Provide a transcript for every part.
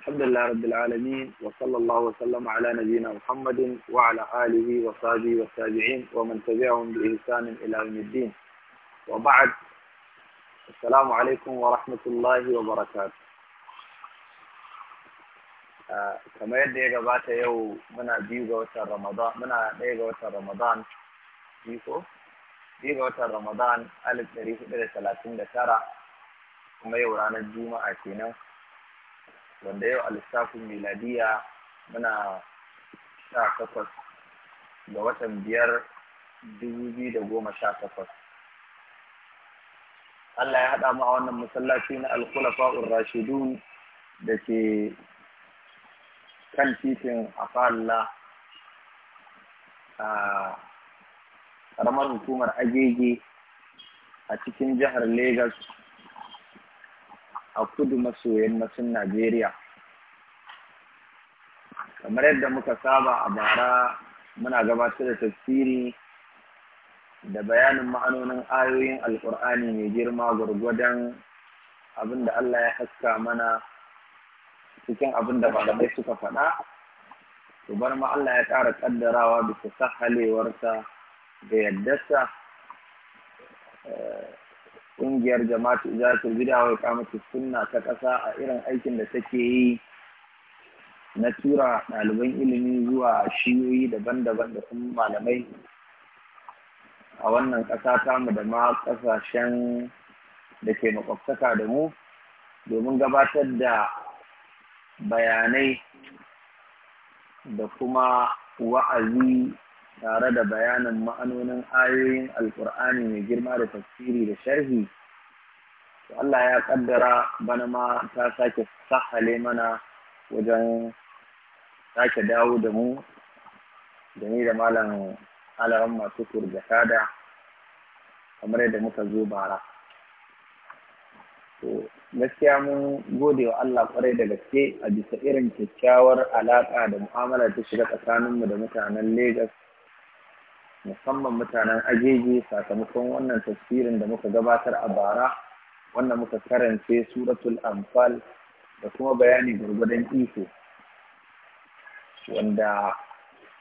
الحمد لله رب العالمين وصلى الله وسلم على نبينا محمد وعلى آله وصحبه والتابعين ومن تبعهم بإحسان إلى يوم الدين وبعد السلام عليكم ورحمة الله وبركاته آه، كما يدعي قبات يو منا ديوغا وتر رمضان منا ديوغا وتر رمضان ديوغا ديوغا وتر رمضان ألف تاريخ بدا كما يورانا الجمعة كينا wanda yau a lissafin miladiya muna sha takwas ga watan biyar dubu biyu da goma sha takwas Allah ya haɗa mu a wannan masallaci na alkulafa rashidun da ke kan titin afalla a ƙaramar hukumar agege a cikin jihar Legas a kudu maso yammacin Najeriya. Kamar yadda muka saba a bara muna gabatar da tafsiri da bayanin ma'anonin ayoyin alkur'ani mai girma gwargwadon abin da Allah ya haska mana cikin abin da malamai suka faɗa, to bar ma Allah ya ƙara ƙaddarawa bisa sahalewarsa da yaddarsa. Eh, ƙungiyar jama'atu izalatul gida wa iqamatu sunna ta ƙasa a irin aikin da take yi na tura ɗaliban ilimi zuwa shiyoyi daban-daban da kuma malamai a wannan ƙasa ta mu da ma ƙasashen da ke makwabtaka da mu domin gabatar da bayanai da kuma wa'azi tare da bayanin ma'anonin ayoyin alkur'ani mai girma da tafsiri da sharhi Allah ya kaddara bana ma ta sake sahale mana wajen sake dawo da mu da ni da malam alaran masu kurjakada kamar yadda muka zo bara to gaskiya mun gode wa Allah kwarai da gaske a bisa irin kyakkyawar alaƙa da mu'amala ta shiga tsakaninmu da mutanen Legas musamman mutanen ajeji sakamakon wannan tafsirin da muka gabatar a bara wanda muka karance suratul anfal da kuma bayani gwargwadon iko wanda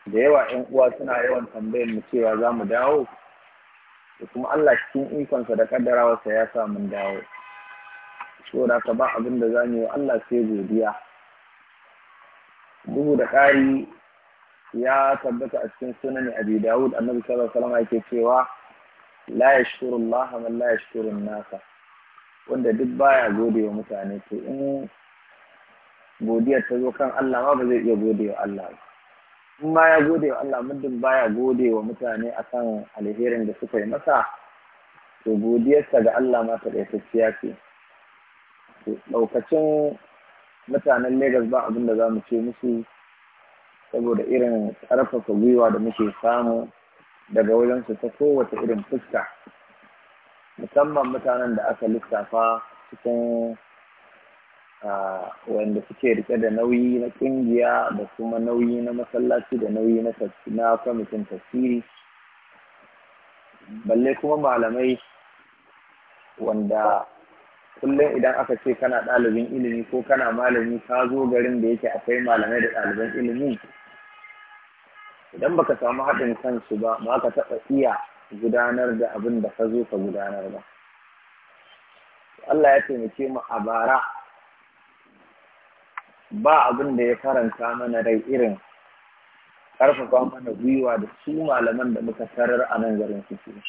da yawa 'yan uwa suna yawan tambayar mu cewa za mu dawo da kuma Allah cikin ikonsa da kaddarawarsa ya sa mun dawo saboda ka ba abin da za mu yi Allah sai godiya bugu da ƙari ya tabbata a cikin sunan abi dawud annabi sallallahu alaihi wasallam yake cewa la yashkuru Allah man la yashkuru nasa wanda duk baya gode wa mutane to in godiyar ta zo kan Allah ma ba zai iya gode wa Allah ba in ma ya gode wa Allah muddin baya gode wa mutane akan alherin da suka yi masa to godiyarsa ga Allah ma ta ɗaya ce to ɗaukacin mutanen Legas ba abin da za mu ce musu saboda irin ƙarfafa gwiwa da muke samu daga wajensu ta kowace irin fuska musamman mutanen da aka lissafa cikin wanda suke rike da nauyi na ƙungiya da kuma nauyi na masallaci da nauyi na kwamitin tafsiri balle kuma malamai wanda kullum idan aka ce kana ɗalibin ilimi ko kana malami ka zo garin da yake akwai malamai da ɗaliban ilimi idan baka samu haɗin kansu ba ba ka taɓa iya gudanar da abin da ka zo ka gudanar ba Allah ya taimake mu a bara ba abin da ya karanta mana rai irin ƙarfafa mana gwiwa da su malaman da muka tarar a nan garin suke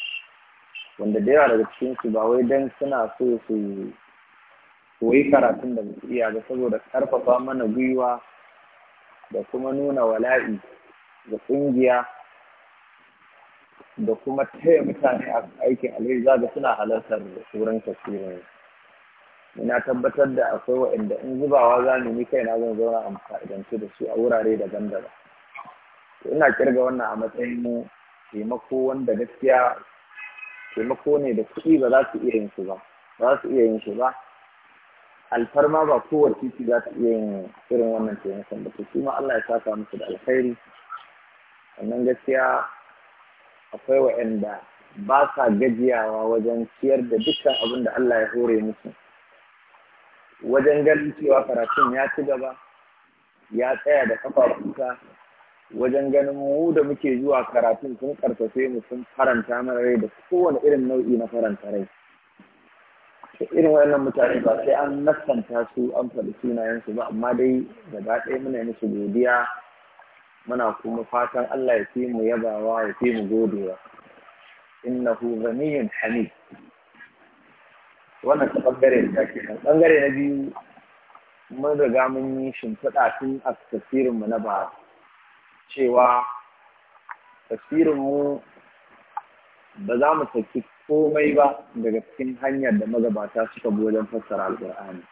wanda da yawa daga cikinsu ba wai don suna so su koyi karatun da musu iya ba saboda ƙarfafa mana gwiwa da kuma nuna wala'i da ƙungiya da kuma taya mutane a aikin alheri za suna halartar da tasirin ina tabbatar da akwai waɗanda in zubawa za ni kai na zan zauna a fa'idanci da su a wurare daban-daban ina kirga wannan a matsayin mu taimako wanda gaskiya taimako ne da kuɗi ba za su iya yin shi ba za su iya yin shi ba alfarma ba kowace titi za ta iya yin irin wannan taimakon ba to su ma Allah ya saka musu da alkhairi sannan gaskiya akwai wa'anda ba sa gajiyawa wajen ciyar da dukkan abin da Allah ya hore musu wajen ganin cewa karatun ya ci gaba ya tsaya da kusa wajen ganin mu da muke zuwa karatun sun karfafe mu sun faranta mana rai da kowane irin nau'i na faranta rai irin wannan mutane ba sai an nassanta su an faɗi sunayensu ba amma dai gaba ɗaya muna musu godiya muna kuma fatan Allah ya fi mu yabawa ya fi mu godewa innahu ghaniyyun hamid wannan ta bangare da ke nan bangare na biyu mun riga mun yi shimfiɗa tun a tafsirin na ba cewa tafsirin mu ba za mu saki komai ba daga cikin hanyar da magabata suka bi wajen fassara alƙur'ani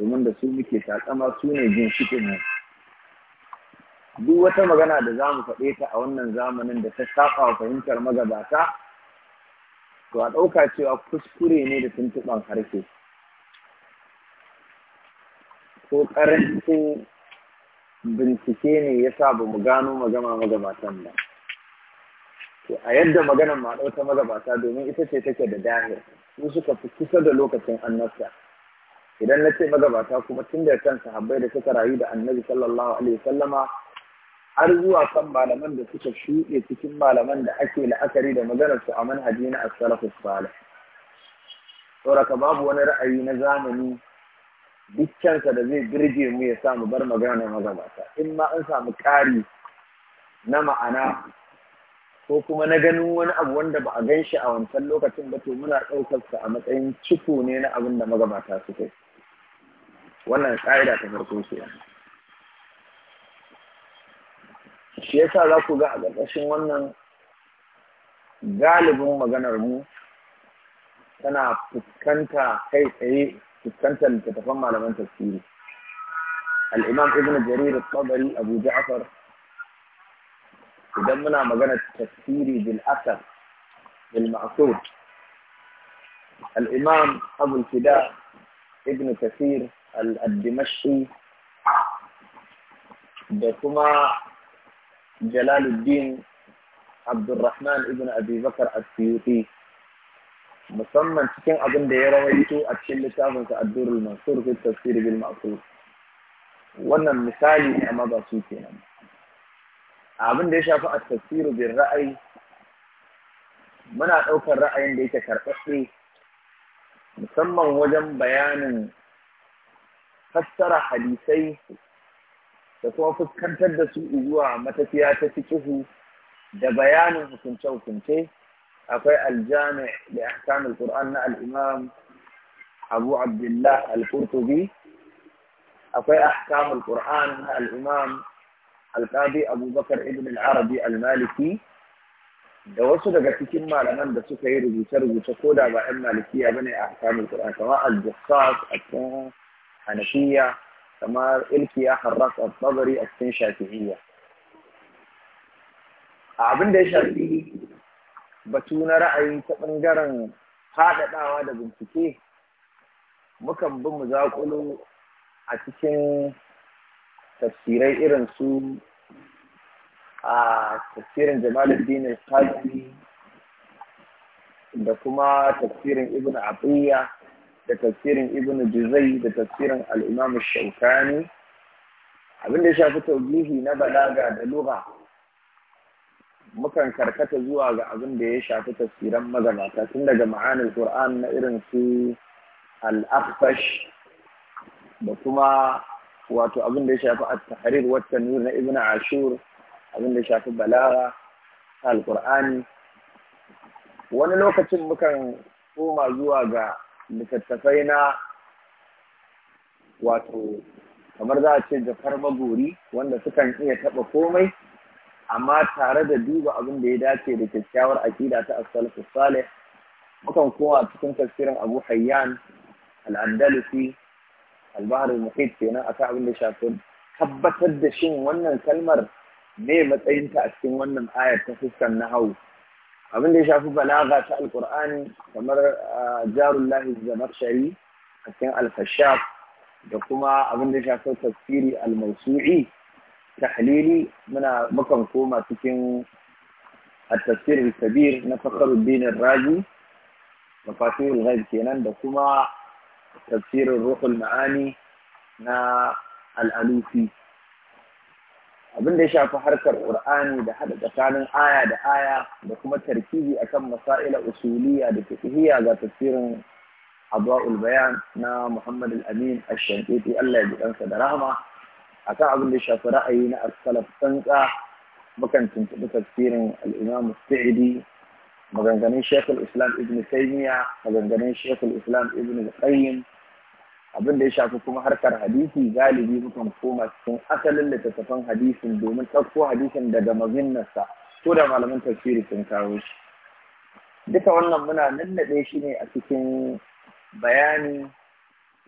domin da su muke takama su ne mu duk wata magana da za mu faɗe ta a wannan zamanin da ta saba wa fahimtar magabata to a ɗauka cewa kuskure ne da tuntuɓan harshe ko ƙarancin bincike ne ya sa ba mu gano magana magabatan ba to a yadda maganar ma ɗauta magabata domin ita ce take da dahir su suka fi kusa da lokacin annabta idan na ce magabata kuma tun da kan sahabbai da suka rayu da annabi sallallahu alaihi wasallama har zuwa kan malaman da suka shuɗe cikin malaman da ake la'akari da maganar su a manhaji na asalafu salaf sauraka babu wani ra'ayi na zamani dukkansa da zai birge mu ya mu bar magana magabata in ma an samu ƙari na ma'ana ko kuma na ganin wani abu wanda ba a gan shi a wancan lokacin ba to muna ɗaukar sa a matsayin ciko ne na abin da magabata suka yi wannan ƙa'ida ta farko kenan shi yasa za ku ga a ƙarƙashin wannan galibin maganar mu tana fuskanta kai tsaye fuskanta littattafan malaman tafsiri al'imam ibn jarir al-tabari abu ja'far idan muna magana tafsiri bil asar bil ma'sur al'imam abu al-fida ibn kasir al dimashi da kuma jalaluddin Abdulrahman ibn abi bakar as musamman cikin abin da ya rawaito a cikin littafin sa ad mansur fi tafsir bil ma'qul wannan misali ne amma ba su kenan abin da ya shafi at-tafsir bil ra'ayi muna ɗaukar ra'ayin da yake karɓaɓɓe musamman wajen bayanin fassara hadisai da kuma fuskantar da su zuwa matafiya ta fikihu da bayanin hukunce-hukunce akwai aljami da ahkamul qur'an na al-imam abu abdullah al-qurtubi akwai ahkamul qur'an na al-imam al-qadi abubakar ibn al-arabi al-maliki da wasu daga cikin malaman da suka yi rubuce-rubuce ko da ba 'yan malikiya bane a ahkamul qur'an kamar al-jassas a cikin hanafiya kamar ilkiya harras a tsabari a cikin shafi'iyya a abin da ya shafi batu na ra'ayi ta ɓangaren faɗaɗawa da bincike mukan bi mu zaƙulu a cikin tafsirai irin su a tafsirin jamaluddin al da kuma tafsirin ibn abiyya da tafsirin ibn juzai da tafsirin al-imam shaukani abin da ya shafi taujihi na balaga da lugha mukan karkata zuwa ga abin da ya shafi tafsiran magabata tun daga ma'anin qur'an na irin su al da kuma wato abin da ya shafi at-tahrir wa tanwir na ibn ashur abin da ya shafi balaga al-qur'ani wani lokacin mukan koma zuwa ga littattafai na wato kamar za a ce jakar magori wanda sukan iya taɓa komai amma tare da duba abin da ya dace da kyakkyawar aƙida ta asalafu salih mukan koma cikin tafsirin abu hayyan al'andalusi al muhit kenan akan abin da shafi tabbatar da shin wannan kalmar me matsayinta a cikin wannan ayar ta na nahawu abin da ya shafi balaga ta alkur'ani kamar ah, jarullahi zamakshari a cikin alfashaf da kuma abin da ya shafi tafsiri almausu'i tahlili muna mukan koma cikin التفسير الكبير نفخر الدين الراجي مفاتيح الغيب كينان da kuma تفسير الروح المعاني نا الألوفي abin da ya shafi harkar qur'ani da hada tsakanin aya da aya da kuma tarkibi akan masaila usuliya da fiqhiyya ga tafsirin Abdul Bayan na Muhammad Al-Amin Ash-Shankiti Allah ya ji kansa da rahama akan abin da ya shafi ra'ayi na as-salaf tsantsa mukan tuntuɓi tafsirin al-Imam Sa'idi maganganun Sheikh Islam Ibn Taymiyyah maganganun Sheikh Islam Ibn Qayyim abin da ya shafi kuma harkar hadisi galibi mukan koma cikin asalin littattafan hadisin domin ɗauko hadisin daga mazinnarsa ko da malamin tafsiri sun kawo shi duka wannan muna nannaɗe shi ne a cikin bayani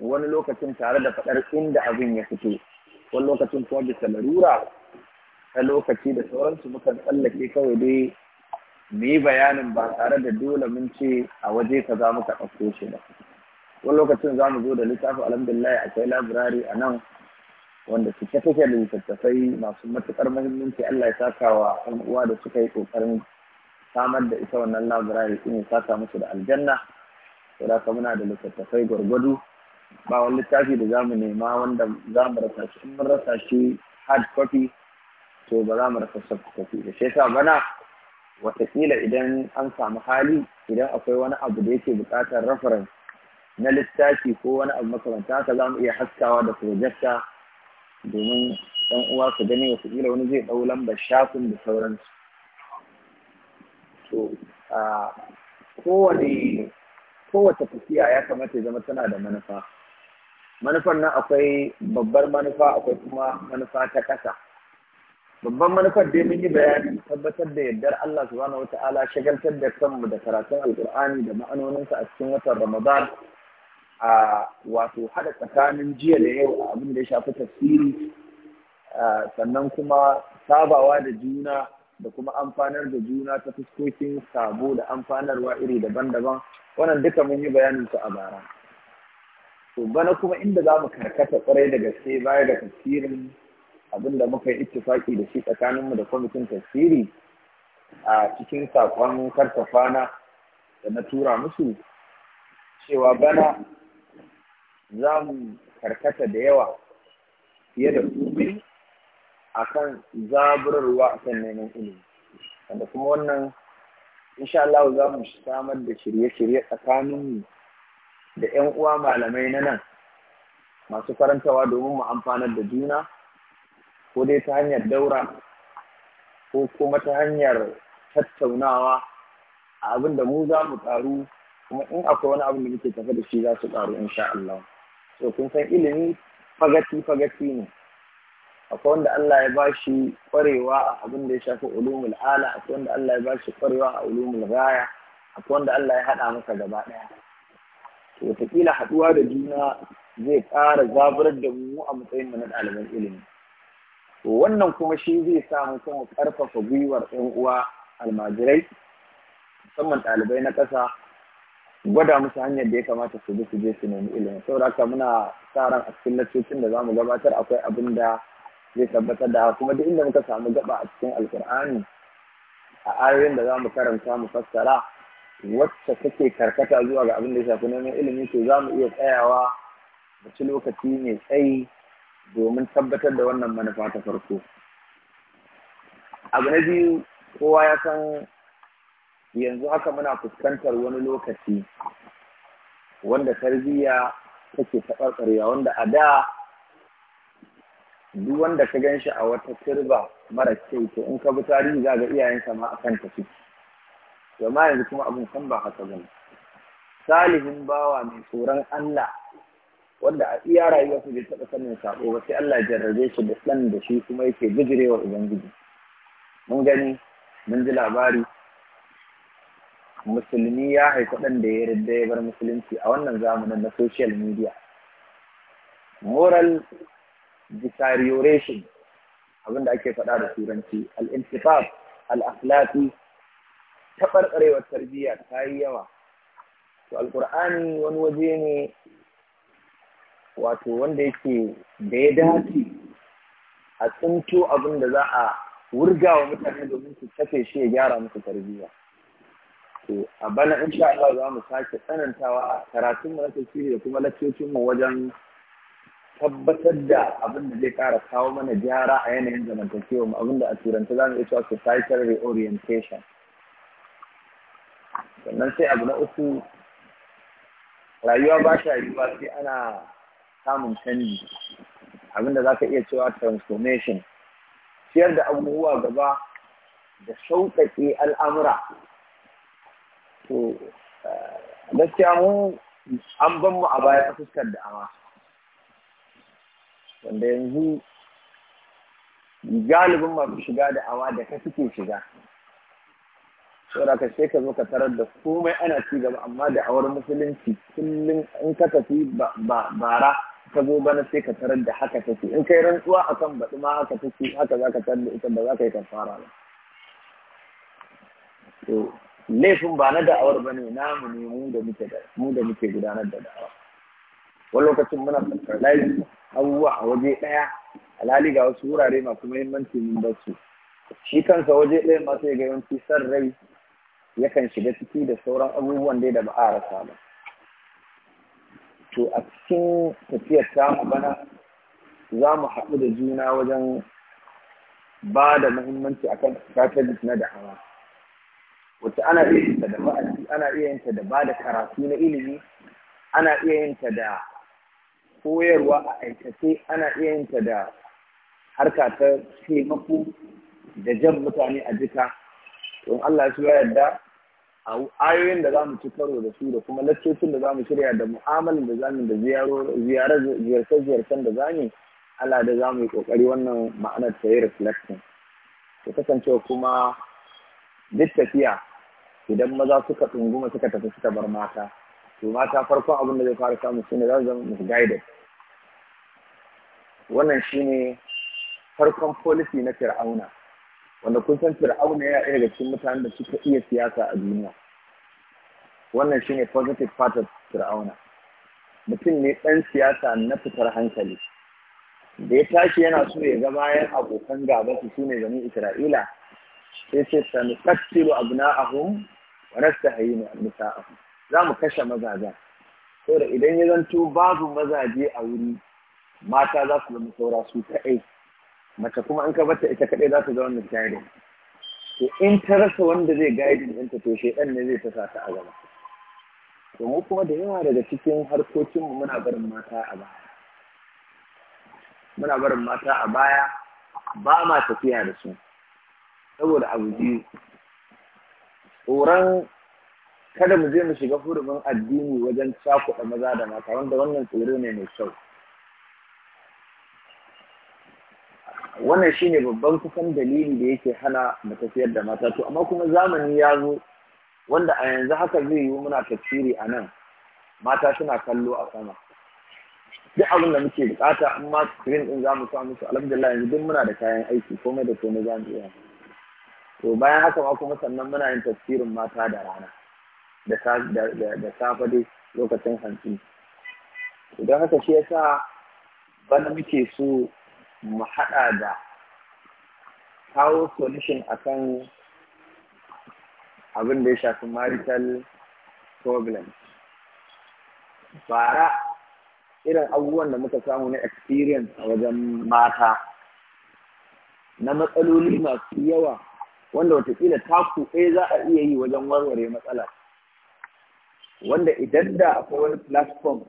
wani lokacin tare da faɗar inda abin ya fito wani lokacin kuma bisa larura ta lokaci da sauransu mukan tsallake kawai dai mu yi bayanin ba tare da dole mun ce a waje ka kaza muka ɗauko shi ba wani lokacin za mu zo da littafin alhamdulillah akwai labirari a nan wanda suke take da littattafai masu matuƙar muhimmanci Allah ya saka wa ɗan uwa da suka yi ƙoƙarin samar da ita wannan labirari ɗin ya saka musu da aljanna to da muna da littattafai gwargwado ba wani littafi da za mu nema wanda za mu rasa shi mun rasa shi hard copy to ba za mu rasa soft copy da shi yasa bana wataƙila idan an samu hali idan akwai wani abu da yake buƙatar reference na littafi ko wani abu makaranta haka za mu iya haskawa da projecta domin ɗan uwa su gani wasu ila wani zai ɗau lambar shafin da sauransu to a kowane kowace tafiya ya kamata ya zama tana da manufa manufar nan akwai babbar manufa akwai kuma manufa ta ƙasa babban manufar dai mun yi bayani tabbatar da yardar Allah subhanahu wata'ala shagaltar da kanmu da karatun alkur'ani da ma'anoninsa a cikin watan ramadan a wato haɗa tsakanin jiya da yau a abin da ya shafi tafsiri sannan kuma sabawa da juna da kuma amfanar da juna ta fuskokin sabo da amfanarwa iri daban-daban wannan duka mun yi bayanin su a bara to bana kuma inda za mu karkata kwarai da gaske baya da tafsirin abin da muka yi ittifaki da shi tsakaninmu da kwamitin tafsiri a cikin sakon karta da na tura musu cewa bana za mu karkata da yawa fiye da umiri a kan zaburarwa a kan neman ilimi wanda kuma wannan insha Allah za mu samar da shirye-shirye tsakaninmu da 'yan uwa malamai na nan masu karantawa domin mu amfanar da juna ko dai ta hanyar daura ko kuma ta hanyar tattaunawa a abin da mu za mu ƙaru kuma in akwai wani abin da muke tafi da shi za su ƙaru insha Allah. to kun san ilimi fagati fagati ne akwai wanda Allah ya ba shi kwarewa a abin da ya shafi ulumul ala akwai wanda Allah ya ba shi kwarewa a ulumul gaya akwai wanda Allah ya haɗa masa gaba ɗaya to wataƙila haɗuwa da juna zai ƙara zaburar da mu a matsayin mu na ɗaliban ilimi to wannan kuma shi zai sa mu kuma ƙarfafa gwiwar ɗan uwa almajirai musamman ɗalibai na ƙasa gwada musu hanyar da ya kamata su bi su je su nemi ilimi saboda haka muna sa ran a cikin laccocin da zamu gabatar akwai abin da zai tabbatar da kuma duk inda muka samu gaba a cikin alkur'ani a ayoyin da zamu karanta mu fassara wacce take karkata zuwa ga abin da ya shafi neman ilimi to zamu iya tsayawa mu ci lokaci mai tsayi domin tabbatar da wannan manufa ta farko abu na biyu kowa ya san yanzu haka muna fuskantar wani lokaci wanda tarbiyya take taɓarɓarewa wanda a da duk wanda ka gan shi a wata turba mara kyau to in ka bi tarihi za ga iyayenka ma a kan tafi to ma yanzu kuma abin san ba haka bane salihin bawa mai tsoron Allah wanda a iya su bai taɓa sanin saɓo ba sai Allah ya jarrabe shi da ɗan da shi kuma yake bijirewa ubangiji mun gani mun ji labari musulmi ya haifi ɗan da ya yarda ya bar musulunci a wannan zamanin na social media moral deterioration abinda ake faɗa da turanci al-intifaf al-akhlaqi taɓarɓarewar tarbiyya ta yi yawa to alƙur'ani wani waje ne wato wanda yake da ya dace a tsinto abin da za a wurga wa mutane domin su tafe shi ya gyara musu tarbiyya To, a bana sha Allah za mu sake tsanantawa a karatun na da kuma lakcocin mu wajen tabbatar da abin da zai ƙara kawo mana gyara a yanayin zamantakewa mu abin da a turanta za mu iya cewa societal reorientation. Sannan sai abu na uku rayuwa ba ta yiwuwa sai ana samun canji abin da za ka iya cewa transformation ciyar da abubuwa gaba da sauƙaƙe al'amura to eh, gaskiya mu an ban mu a baya ta fuskar ama wanda yanzu galibin masu shiga da awa da ka suke shiga saboda ka sai ka zo ka tarar da komai ana ci gaba amma da awar musulunci kullum in ka tafi bara ka zo bana sai ka tarar da haka take in kai rantsuwa akan baɗi ma haka take haka za ka tarar da ita ba za ka yi kafara ba laifin ba na da'awar ba ne namu ne mu da muke gudanar da da'awa wani lokacin muna layi abubuwa a waje ɗaya alhali ga wasu wurare masu muhimmanci mun bar su shi kansa waje ɗaya masu ya ga yawanci rai yakan shiga ciki da sauran abubuwan dai da ba a rasa ba to a cikin tafiyar tamu bana za mu haɗu da juna wajen ba da muhimmanci akan kan na da'awa wacce ana iya yin da wa'azi ana iya yin da ba da karatu na ilimi ana iya yin da koyarwa a aikace ana iya yin da harka ta taimako da jan mutane a jika don Allah shi ya yarda a ayoyin da zamu ci karo da su da kuma laccocin da zamu shirya da mu'amalan da zamu da ziyarce-ziyarcen da zamu Allah da zamu yi kokari wannan ma'anar ta yi reflecting to kasancewa kuma duk tafiya idan maza suka tsunguma suka tafi suka bar mata to mata farkon abin da zai fara samu shine za su zama misguided wannan shine farkon policy na fir'auna wanda kun san fir'auna yana ɗaya daga cikin mutanen da suka iya siyasa a duniya wannan shine positive part of fir'auna mutum ne ɗan siyasa na fitar hankali da ya tashi yana so ya ga bayan abokan gaba su ne jami'in isra'ila sai ce sani kattilu abna'ahum wa nastahyi nisa'ahum za mu kashe mazajen saboda idan ya zanto babu mazaje a wuri mata za su zama saura su kaɗai mace kuma an ka bata ita kaɗai za ta zama mai gaidin to in ta rasa wanda zai in ta toshe ɗan ne zai ta ta a gaba to mu kuma da yawa daga cikin harkokinmu muna barin mata a baya muna barin mata a baya ba ma tafiya da su saboda abu biyu tsoron kada mu je mu shiga hurumin addini wajen cakuɗa maza da mata wanda wannan tsoro ne mai kyau wannan shine babban kusan dalili da yake hana mu tafiyar da mata to amma kuma zamani ya zo wanda a yanzu haka zai yi muna tafsiri a nan mata suna kallo a sama duk abin da muke bukata amma screen din za mu sa musu alhamdulillah yanzu duk muna da kayan aiki komai da komai za mu iya to bayan haka ma kuma sannan muna yin tafsirin mata da rana da safe dai lokacin hantsi idan haka shi yasa bana muke so mu haɗa da kawo solution akan abin da ya shafi marital problems bara irin abubuwan da muka samu na experience a wajen mata na matsaloli masu yawa wanda watakila taku ɗaya za a iya yi wajen warware matsala wanda idan da akwai wani platform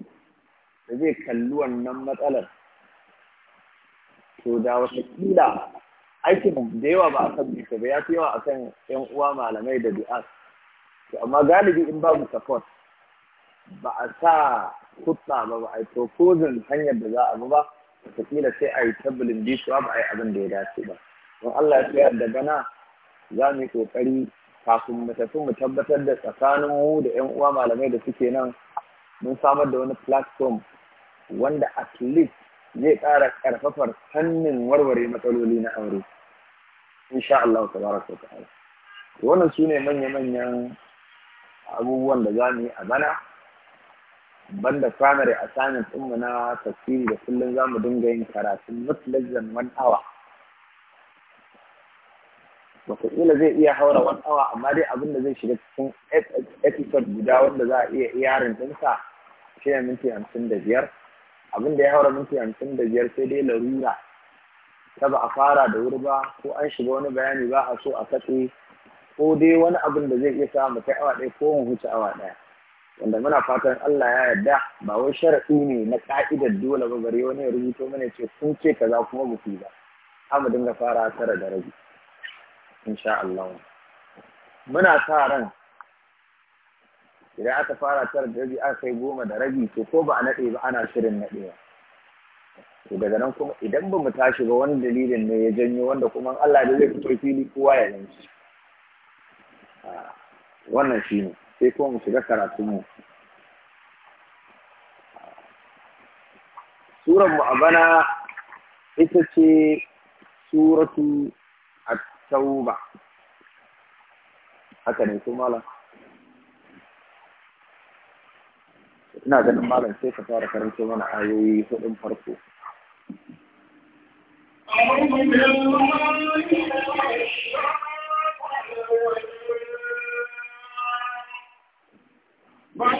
da zai kalli wannan matsalar to da watakila aikin da yawa ba a kan bisa ba ya fi yawa a kan ‘yan uwa malamai da bi'as. to amma galibi in babu support ba a sa kutsa ba ba a yi proposal hanyar da za a ba watakila sai a yi tabbalin bisuwa ba a yi abin da ya dace ba don Allah ya fi da bana za mu yi ƙoƙari kafin mu tafi mu tabbatar da tsakanin mu da yan uwa malamai da suke nan mun samar da wani platform wanda at least zai ƙara ƙarfafar fannin warware matsaloli na aure insha Allah tabaraka ta'ala wannan su ne manya-manyan abubuwan da za mu yi a bana banda primary assignment ɗinmu na tafsiri da kullum za mu dinga yin karatun not less one hour wataƙila zai iya haura wani awa amma dai abin da zai shiga cikin episode guda wanda za a iya yarin ɗinsa shi ne minti hamsin da biyar abin da ya haura minti hamsin da biyar sai dai larura ta ba a fara da wuri ba ko an shiga wani bayani ba a so a katse ko dai wani abin da zai iya sa mu kai awa ɗaya ko mu huce awa ɗaya wanda muna fatan Allah ya yarda ba wai sharaɗi ne na ka'idar dole ba bare wani ya rubuto mana ce kun ce kaza kuma ba ku ba za mu dinga fara tara da rabi insha Allah muna sa ran idan aka fara tara da rabi aka yi goma da rabi to ko ba a naɗe ba ana shirin naɗewa to daga nan kuma idan ba mu tashi ba wani dalilin ne ya janyo wanda kuma Allah da zai fito fili kowa ya yanki wannan shi ne sai kuma mu shiga karatun mu suran mu a bana ita ce suratu tauba haka ne su malam ina ganin malam sai ka fara karanto mana ayoyi hudun farko Bye.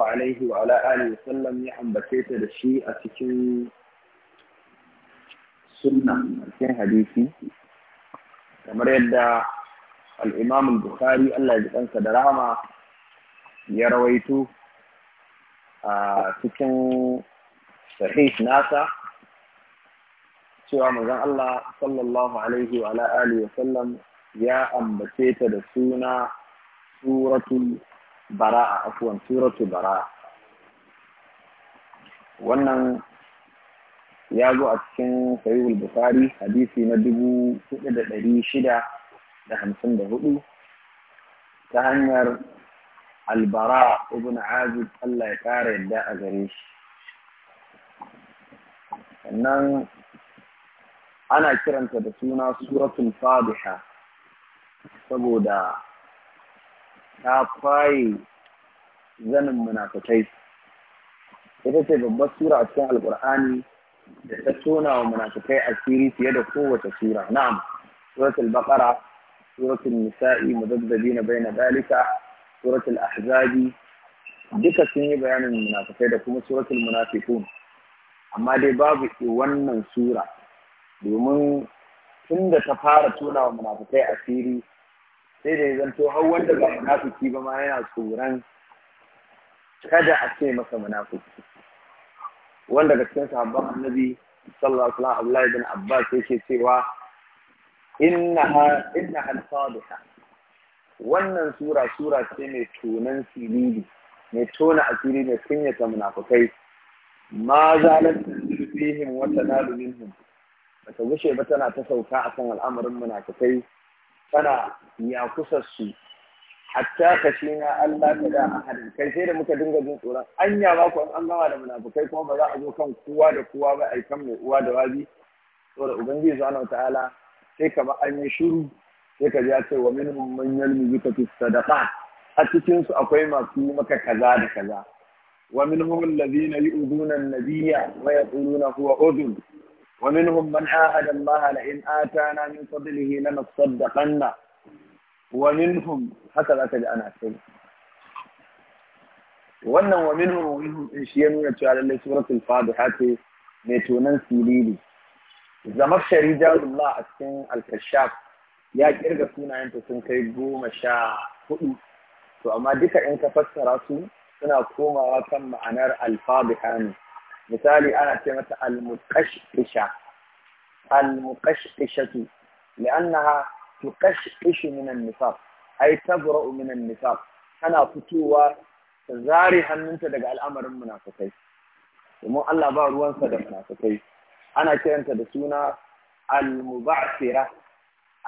sallallahu alaihi wa ala alihi sallam ya ambace ta da shi a cikin sunna a cikin hadisi kamar yadda al-Imam al-Bukhari Allah ya kansa da rahama ya rawaito a cikin sahih nasa cewa manzon Allah sallallahu alaihi wa ala alihi wasallam ya ambace ta da suna suratul bara'a afuwan suratu bara'a wannan ya zo a cikin sahihul bukhari hadisi na dubu hudu da ɗari shida da hamsin da hudu ta hanyar albara ibn azib allah ya kara yadda a gare shi sannan ana kiranta da suna suratul fadiha saboda ta kwaye zanin munafikai ita ce babbar sura a cikin alkur'ani da ta tona wa munafikai asiri fiye da kowace sura na'am suratul baqara suratul nisa'i bai baina dalika suratul ahzabi duka sun yi bayanin munafikai da kuma suratul munafiqun amma dai babu wannan sura domin tun da ta fara tona wa munafikai asiri sai da ya zanto har wanda ba munafiki ba ma yana tsoron kada a ce masa munafiki wanda ga cikin sahabban annabi sallallahu alaihi wasallam Abdullahi ibn Abbas yake cewa innaha innaha al-sadiqa wannan sura sura ce mai tonan sirri mai tona asiri mai kunyata munafukai ma zalat fihim wa tanalu minhum bata gushe ba tana ta sauka akan al'amarin munafukai kana ya kusa su hatta ka shi na Allah ta da ahadin kai sai da muka dinga jin tsoron anya ba ku an gama da munafukai kuma ba za a zo kan kowa da kowa ba ai kan mai uwa da wabi da ubangiji subhanahu ta'ala sai ka ba an yi shiru sai ka ji ya ce wa minhum man yalmizuka fi a cikin su akwai masu maka kaza da kaza wa minhum alladhina yu'duna an-nabiyya wa yaquluna huwa udhun ومنهم من عاهد الله لئن آتانا من فضله لنصدقن ومنهم هكذا كذا أنا أقول wannan wa minhum wa minhum din shi ya nuna cewa lallai suratul fatiha ce mai tonan siriri zamakshari jarullah a cikin al-kashaf ya kirga sunayenta sun kai goma sha hudu to amma duka in ka fassara su suna komawa kan ma'anar al-fatiha ne misali ana ce mata al-muqashqisha al-muqashqishatu li'annaha tuqashqishu min an-nifaq ay tabra'u min an-nifaq tana fitowa ta zare hannunta daga al'amarin munafikai domin Allah ba ruwansa da munafikai ana kiranta da suna al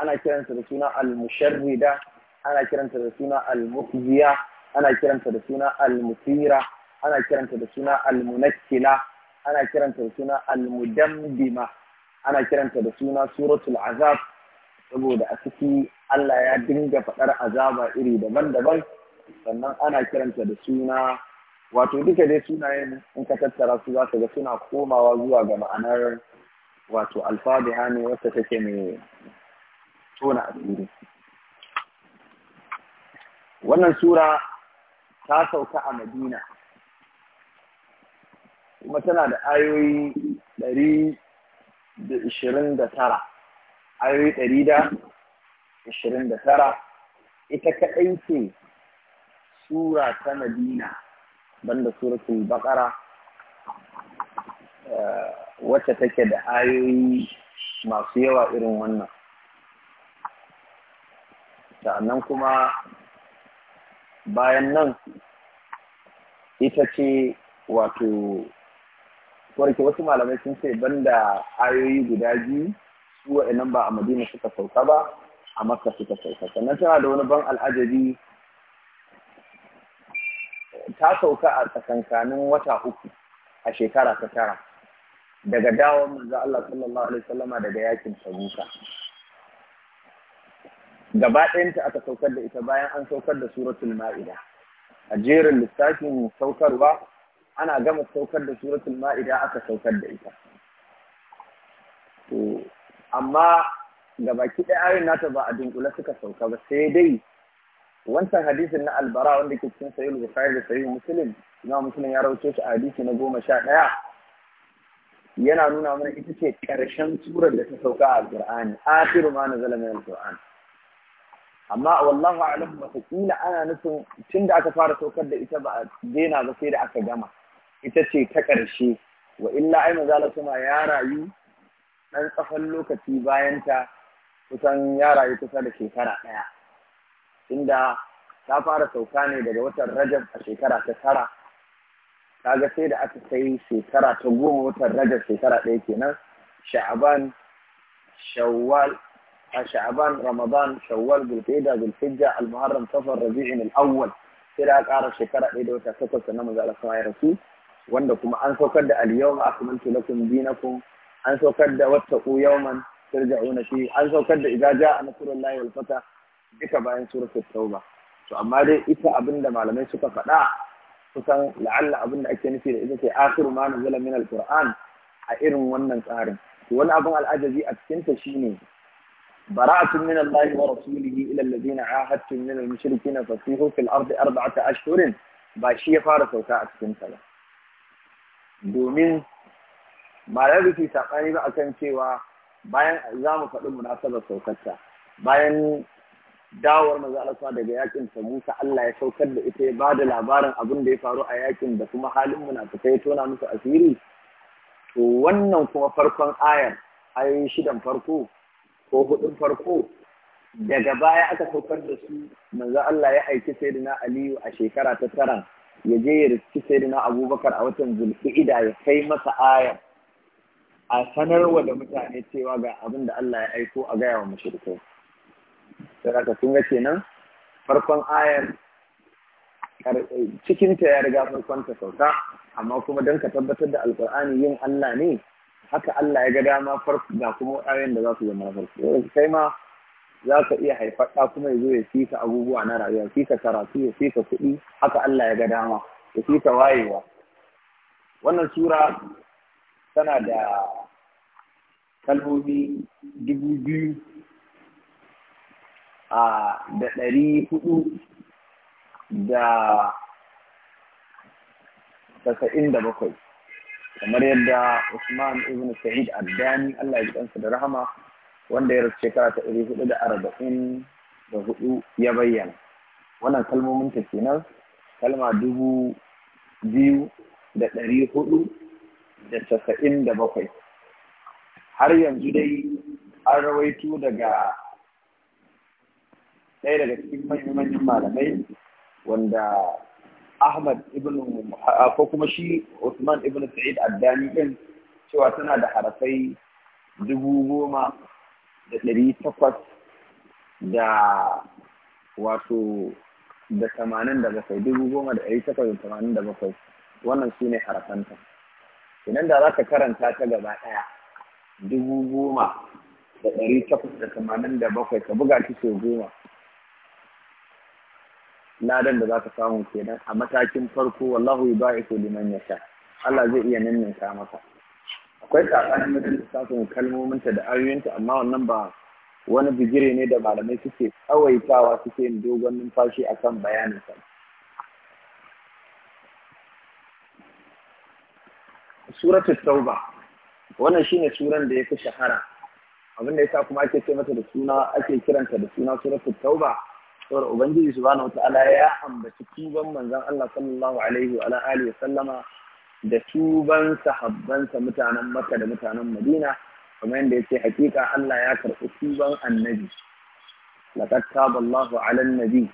ana kiranta da suna al-musharrida ana kiranta da suna al-mukhziya ana kiranta da suna al ana kiranta da suna al-munakkila ana kiranta da suna al ana kiranta da suna suratul azab saboda a ciki Allah ya dinga faɗar azaba iri daban-daban sannan ana kiranta da suna wato duka dai sunayen in ka tattara su za ka ga suna komawa zuwa ga ma'anar wato alfabiha ne wacce take mai tona asiri wannan sura ta sauka a madina kuma tana da ayoyi ɗari da ishirin da tara ayoyi ɗari da ishirin da tara ita kaɗai ce sura ta madina banda suratul baƙara eh, wacce take da ayoyi masu yawa irin wannan sannan kuma bayan nan ita ce wato warke wasu malamai sun ce da ayoyi guda biyu su waɗannan ba a madina suka sauka ba a makka suka sauka sannan tana da wani ban al'ajabi ta sauka a tsakankanin wata uku a shekara ta tara daga dawon manzo Allah sallallahu alaihi wasallama daga yakin Tabuka gaba ɗayanta aka saukar da ita bayan an saukar da suratul ma'ida a jerin lissafin saukarwa ana gama saukar da suratul ma'ida aka saukar da ita to amma ga baki ɗaya ayoyin nata ba a dunkule suka sauka ba sai dai wancan hadisin na albara wanda ke cikin sahih bukhari da sahih muslim na muslim ya rauce shi a hadisi na goma sha ɗaya yana nuna mana ita ce ƙarshen surar da ta sauka a qur'ani akhiru ma nazala min al-qur'an amma wallahu a'lam wa ana nufin tunda aka fara saukar da ita ba a daina ba sai da aka gama ita ce ta ƙarshe wa illa ai mazala kuma ya rayu ɗan tsawon lokaci bayan ta kusan ya rayu kusa da shekara ɗaya inda ta fara sauka ne daga watan rajab a shekara ta tara kaga sai da aka kai shekara ta goma watan rajab shekara ɗaya kenan sha'aban shawwal a sha'aban ramadan shawwal zulqa'da zulhijja al-muharram safar rabi'in al-awwal sai da aka ƙara shekara ɗaya da wata takwas na manzo ya rasu wanda kuma an saukar da al-yawma akmaltu lakum dinakum an saukar da wattaqu yawman tarja'una fi an saukar da idza ja'a nasrullahi wal fatah duka bayan suratul tauba to amma dai ita abinda malamai suka faɗa kusan la'alla abinda ake nufi da ita ce akhiru ma nazala min al a irin wannan tsarin to wani abin al'ajabi a cikin ta shine bara'atun min Allah wa rasulihi ila alladhina ahadtum min al-mushrikeena fasihu fil Arba'a, ta Ashirin, ba shi ya fara sauka a cikin ta ba domin ba da rufi saƙani ba akan cewa bayan za mu faɗi munasabar saukarta bayan dawar maza alasa daga yakin sa Musa Allah ya saukar da ita ya ba da labarin abin da ya faru a yakin da kuma halin munafikai ya tona musu asiri to wannan kuma farkon ayar ayoyi shidan farko ko hudun farko daga baya aka saukar da su manzo Allah ya aiki sayyidina Aliyu a shekara ta tara ya je ya riski na abubakar a watan Ida ya kai masa aya a sanarwa da mutane cewa ga abin da Allah ya aiko a gaya wa mushrikai sai aka sun ga kenan farkon ayar cikinta ya riga farkon ta sauka amma kuma don ka tabbatar da alkur'ani yin Allah ne haka Allah ya ga dama farko ga kuma ayoyin da za su zama farko ma za ka iya haifar da kuma ya zo ya fi abubuwa na rayuwa fi ka karatu ya fi kuɗi haka Allah ya ga dama ya fi wayewa wannan sura tana da kalmomi dubu biyu a da ɗari huɗu da tasa'in da bakwai kamar yadda Usman ibn Sa'id Addani Allah ya ji da rahama wanda ya rasu shekara ta ɗari hudu da arba'in da hudu ya bayyana wannan kalmomin ta kenan kalma dubu biyu da ɗari hudu da casa'in da bakwai har yanzu dai an rawaito daga ɗaya daga cikin manyan malamai wanda Ahmad ibn ko kuma shi Usman ibn Sa'id Addani din cewa tana da harafai dubu goma da ɗari takwas da wato da tamanin da bakwai dubu goma da ɗari takwas da tamanin da bakwai wannan su ne harafanta idan da za ka karanta ta gaba ɗaya dubu goma da ɗari takwas da tamanin da bakwai ka buga ki sau goma ladan da za ka samu kenan a matakin farko wallahu ya ba'iku liman yasha Allah zai iya ka maka akwai tsakanin mutum kalmomin kalmominta da ayoyinta amma wannan ba wani bigire ne da malamai suke tsawaitawa suke yin dogon numfashi a akan bayaninsa suratul tauba wannan shine suran da ya fi shahara abin da yasa kuma ake ce mata da suna ake kiranta da suna suratul tauba saboda ubangiji subhanahu wataala ya ambaci tuban manzon Allah sallallahu alaihi wa alihi wa sallama da tuban sahabbansa mutanen Makka da mutanen Madina kuma inda yake hakika Allah ya karɓi tuban annabi laqad taba Allah 'ala annabi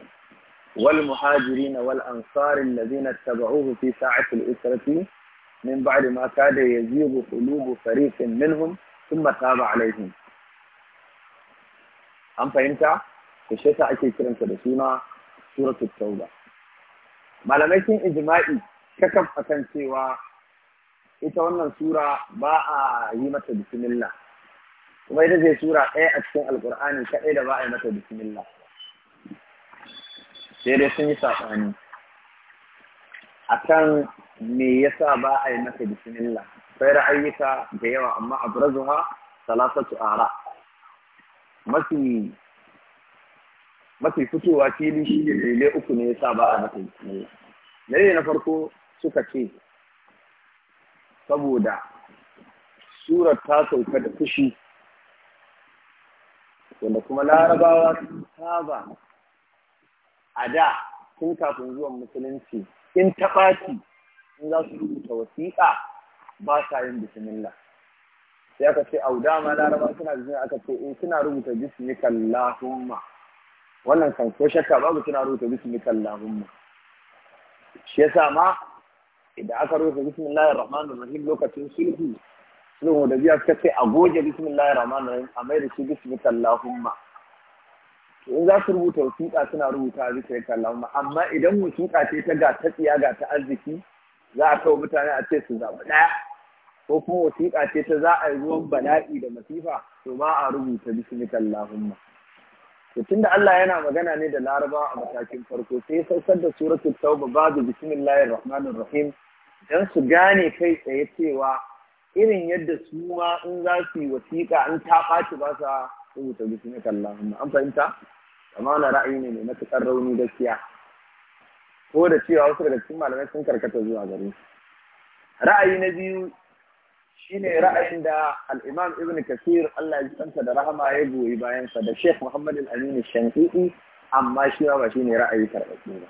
wal muhajirin wal ansar alladhina tabauhu fi sa'ati al-usrati min ba'd ma kada yazighu qulubu fariqin minhum thumma taba 'alayhim an fahimta ko shi ake kiranta da suna suratul tauba malamai sun ijma'i kakan a cewa ita wannan sura ba a yi mata bismillah kuma ita ce sura ɗaya a cikin alkur'ani kaɗai da ba a yi mata bismillah sai dai sun yi saɓani a kan me yasa ba a yi mata bismillah sai ra'ayyuka da yawa amma a abrazuha salasatu ara mafi mafi fitowa fili shi ne uku ne yasa ba a mata bismillah na farko suka ce saboda surar ta sauka da fushi wanda kuma larabawa sun saba a da tun kafin zuwan musulunci in ta ɓaci in za su rubuta wasiƙa ba sa yin bisimillah. sai aka ce au dama laraba suna bismillah aka ce in eh, suna rubuta bismika lahumma wannan kan ko shakka babu suna rubuta bismika lahumma shi yasa ma idan aka rufe bismillahir rahmanir rahim lokacin sulhu sulhu da biya suka ce a goge bismillahir rahmanir rahim a mai da shi bismillahumma to in za su rubuta wasiƙa suna rubuta bismillahumma amma idan wasiƙa ce ta ga ta tsiya ga ta arziki za a kawo mutane a ce su zaɓi ɗaya ko kuma wasiƙa ce ta za a yi ruwan bala'i da masifa to ba a rubuta bismillahumma to tunda Allah yana magana ne da Laraba a matakin farko sai sassar da suratul tauba babu bismillahir rahmanir rahim don su gane kai tsaye cewa irin yadda su ma in za su yi wasiƙa an ta ɓaci ba sa rubuta Na Allahumma an fahimta amma na ra'ayi ne mai matuƙar rauni gaskiya ko da cewa wasu daga cikin malamai sun karkata zuwa gari. ra'ayi na biyu shine ra'ayin da al-Imam Ibn kasir Allah ya tsanta da rahama ya goyi bayan sa da Sheikh Muhammad al-Amin al amma shi ba shine ra'ayi karɓaɓɓe ba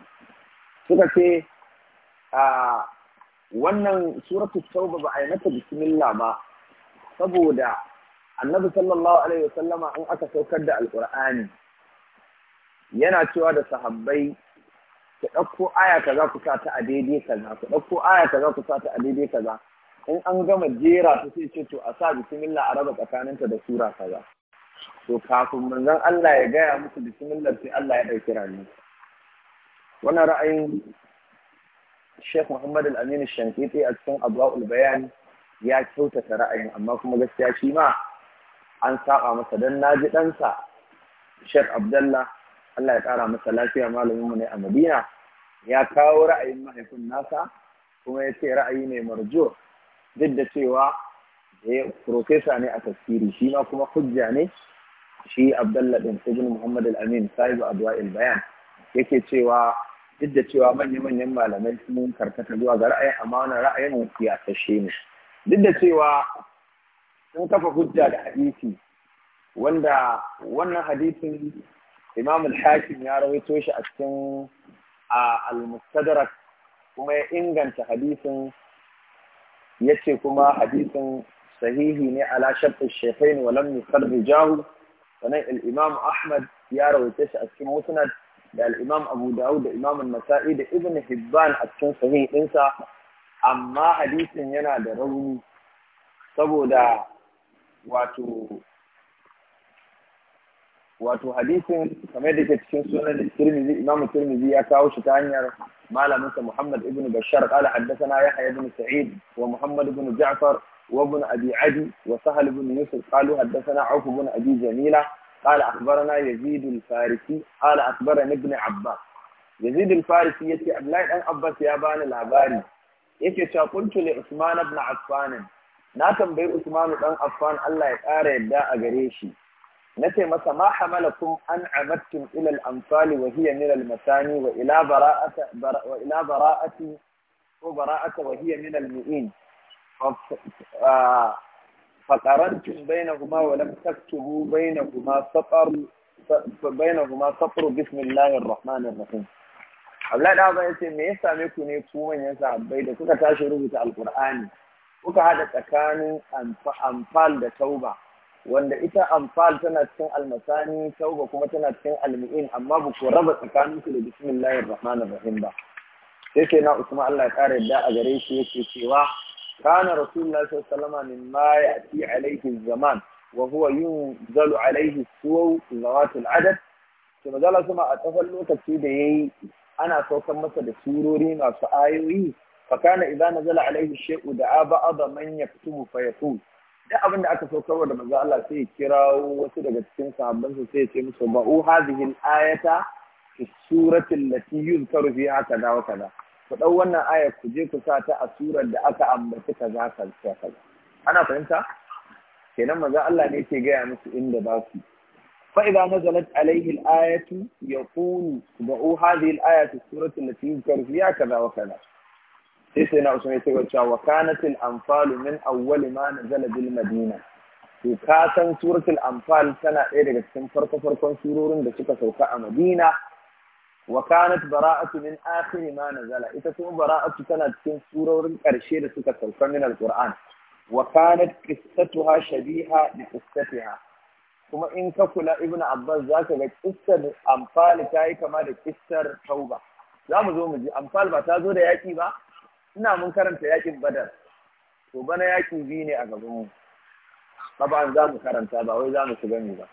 suka ce a ah, wannan suratul tauba ba a yi mata bismillah ba saboda annabi sallallahu alaihi wasallama in aka saukar da alqur'ani yana cewa da sahabbai ku ɗauko aya kaza ku sa ta a daidai kaza ku ɗauko aya kaza ku sa ta a daidai kaza in an gama jera su sai ce to a sa bismillah a raba tsakaninta da sura kaza to kafin manzon Allah ya gaya musu bismillah sai Allah ya ɗauki rani wannan ra'ayin Sheikh Muhammad Al-Amin Shankiti a cikin Abwaul Bayan ya kyautata ra'ayin amma kuma gaskiya shi ma an saba masa dan naji ɗansa Sheikh Abdullah Allah ya ƙara masa lafiya malamin mu ne a Madina ya kawo ra'ayin mahaifin nasa kuma ya ce ra'ayi ne marjo duk da cewa profesa ne a tafsiri shi ma kuma hujja ne shi Abdullah din Sujin Muhammad Al-Amin sahibu Abwaul Bayan yake cewa duk da cewa manya-manyan malamai sun karkata zuwa ga ra'ayin amma wannan ra'ayin siyasashe ne duk da cewa sun kafa hujja da hadisi wanda wannan hadisin imam al-hakim ya rawaito shi a cikin al-mustadrak kuma ya inganta hadisin yace kuma hadisin sahihi ne ala shart al-shaykhain wa lam yukharrijahu sanan al-imam ahmad ya rawaito shi a cikin musnad da alimam Abu Dawud da Imam An-Nasa'i da Ibn Hibban a cikin sahih ɗinsa amma hadisin yana da rauni saboda wato wato hadisin kamar da ke cikin sunan Tirmidhi Imam tirmizi ya kawo shi ta hanyar malaminsa Muhammad ibn Bashar qala haddathana Yahya ibn Sa'id wa Muhammad ibn Ja'far وابن أبي wa sahal بن yusuf قالوا حدثنا عوف بن أبي Jamila. قال أخبرنا يزيد الفارسي قال أخبرنا ابن عباس يزيد الفارسي يتي الله بن عباس يا بان العباري yake cewa kuntu li Usman ibn Affan na tambayi Usman dan Affan Allah ya ƙara yadda a gare shi nace masa ma hamalakum an amattum ila al-amsal min al-masani wa ila muin فقرنتم بينهما ولم تكتبوا بينهما سطر بينهما سطر بسم الله الرحمن الرحيم Abdullahi da ba ce me ya same ku ne ku manyan sahabbai da kuka tashi rubuta alkur'ani kuka hada tsakanin amfal da tauba wanda ita amfal tana cikin almasani tauba kuma tana cikin almu'in amma ba ku raba tsakanin da bismillahir rahmanir rahim ba sai na usman Allah ya kare yadda a gare shi yake cewa kana rasulullah sallallahu alaihi mimma ya'ti alaihi zaman wa huwa yunzalu alaihi suwaw zawatul adad to mazala kuma a tsawon lokaci da yayi ana saukar masa da surori masu ayoyi fakana idza nazala alaihi she'u da ba'da man yaktubu fa yaqul duk abin da aka saukarwa da manzo Allah sai ya kirawo wasu daga cikin sahabbansa sai ya ce musu ba'u hadhihi al-ayata fi surati allati yuzkaru fiha kaza wa kaza ku ɗau wannan ayar ku je ku sa ta a surar da aka ambaci kaza kaza kaza ana fahimta kenan maza Allah ne yake gaya musu inda ba su fa idza nazalat alaihi al-ayatu yaqulu da'u hadhihi al-ayatu suratu allati yuzkaru fiha kaza wa kaza sai sai na usman yake cewa wa kanat al-anfalu min awwal ma nazala bil madina to ka san suratul anfal tana ɗaya daga cikin farko farkon surorin da suka sauka a madina wa kanat bara'atu min akhir ma nazala ita kuma bara'atu tana cikin surorin karshe da suka sauka min alquran wa kanat qissatuha shabiha bi qissatiha kuma in ka kula ibnu abbas zaka ga qissar amfal ta yi kama da qissar tauba za mu zo mu ji amfal ba ta zo da yaki ba ina mun karanta yakin badar to bana yaki biyu ne a gaban mu ba za mu karanta ba wai za mu shiga ba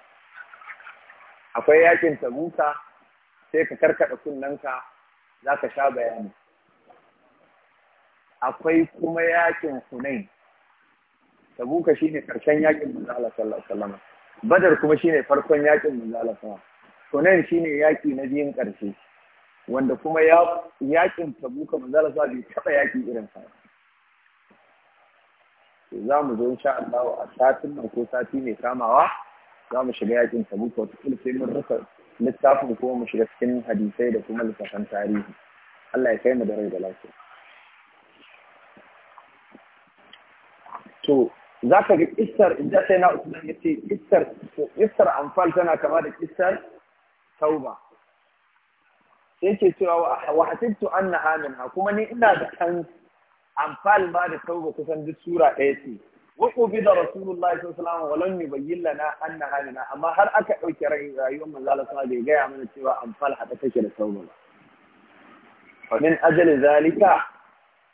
akwai yakin tabuka sai ka karkada kunnanka za ka sha bayani akwai kuma yakin hunain tabuka shi ne karshen yakin manzo Allah badar kuma shi ne farkon yakin manzo Allah sallallahu alaihi wasallam yaki na biyun karshe wanda kuma yakin tabuka manzo Allah bai taba yaki irin sa za mu zo insha Allah a satin nan ko sati mai kamawa za mu shiga yakin tabuka wata sai mun rasa littafin kuma mu shiga cikin hadisai da kuma littafan tarihi Allah ya kai da rai da lafiya to za ka ga kissar inda sai na usman ya ce kissar kissar anfal tana kama da kissar tauba sai ke cewa wa hasibtu annaha ha kuma ni ina da kan anfal ma da tauba kusan duk sura ɗaya ce wa qubida rasulullahi sallallahu alaihi wasallam wa lam yubayyin lana anna amma har aka dauke rayuwar manzo Allah sallallahu alaihi gaya mana cewa amfal hada take da sauro ba fa min ajali zalika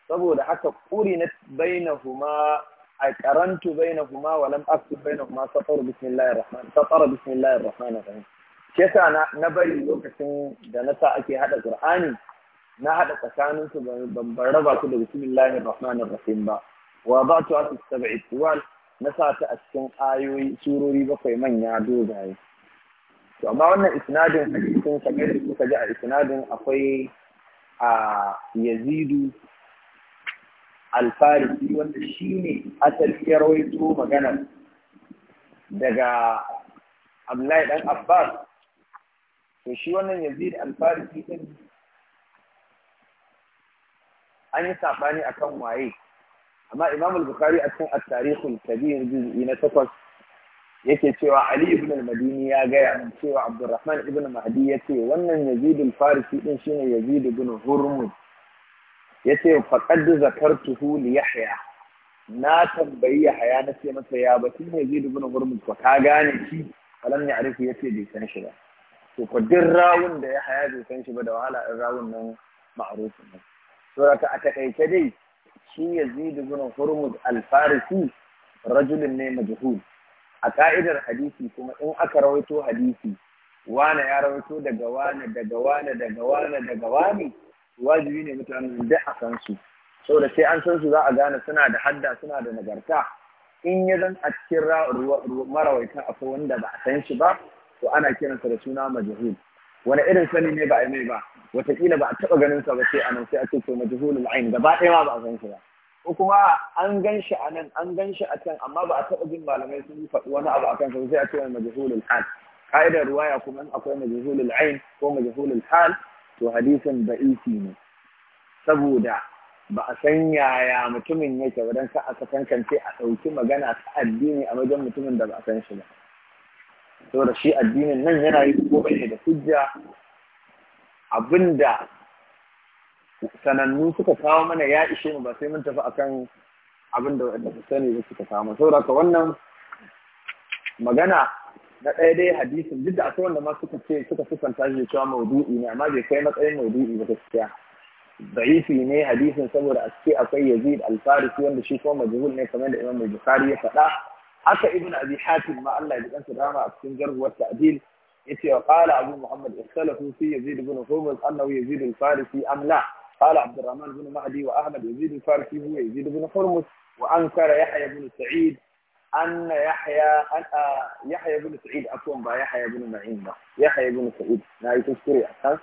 saboda haka qurinat bainahuma ay qarantu bainahuma wa lam aktub bainahuma satar bismillahir rahman satar bismillahir rahmanir rahim shi na bari lokacin da na sa ake hada qur'ani na hada tsakaninsu ban raba su da bismillahir rahmanir rahim ba wa ba ta wasu saba'i tuwal na sa ta a cikin ayoyi surori bakwai manya dogaye to amma wannan isnadin a cikin sakai da kuka ji a isnadin akwai a yazidu alfarisi wanda shi ne asali wai rawaito magana daga abdullahi dan abbas to shi wannan yazid alfarisi din an yi saɓani kan waye amma imam al-bukhari a cikin at-tarikh al-kabir juz'i na takwas yake cewa ali ibn al-madini ya gaya min cewa abdurrahman ibn mahdi yace wannan yazid al-farisi din shine yazid ibn hurmuz yace faqad zakartuhu li yahya na tambayi yahya na ce masa ya batun yazid ibn hurmuz ko ka gane shi alam ya yace bai san shi ba to ko rawun da yahya bai san shi ba da wahala in rawun nan ma'rufin ne saboda a takaice dai shi da ibn hurmuz al-farisi rajulun ne majhul a ka'idar hadisi kuma in aka rawaito hadisi wane ya rawaito daga wane daga wane daga wane daga wane wajibi ne mutane, da a san su da sai an san su za a gane suna da hadda suna da nagarta in ya zan a cikin marawaita akwai wanda ba a san shi ba to ana kiransa da suna majhul wani irin sani ne ba a mai ba wataƙila ba a taɓa ganin sa ba sai nan sai a ce to majhulul ain gaba ɗaya ma ba a san shi ba ko kuma an gan shi a nan an gan shi a can amma ba a taɓa jin malamai sun faɗi wani abu a kansa sai a ce majhulul hal ka'idar ruwaya kuma in akwai majhulul ain ko majhulul hal to hadisin isi ne saboda ba a san yaya mutumin yake wadan ka a sakankance a ɗauki magana ta addini a wajen mutumin da ba a san shi ba saboda shi addinin nan yana yi komai ne da hujja abinda sanannu suka kawo mana ya ishe mu ba sai mun tafi akan abin da su sani da suka kawo saboda ka wannan magana na ɗaya dai hadisin duk da akwai wanda ma suka ce suka sukanta shi cewa maudu'i ne amma bai kai matsayin maudu'i ba gaskiya za'ifi ne hadisin saboda a ciki akwai yazid alfarisi wanda shi kuma majhul ne kamar da imam bukhari ya faɗa حتى ابن أبي حاتم ما الله ya dukansa dama a cikin jarhu wa ta'dil yace wa qala abu muhammad ikhtalafu fi yazid ibn hubayb annahu yazid قال عبد الرحمن بن مهدي واحمد يزيد الفارسي هو يزيد بن فرمس وانكر يحيى بن سعيد ان يحيى أن آه، يحيى بن سعيد أكون با يحيى بن معين يحيى بن سعيد لا يذكر اساس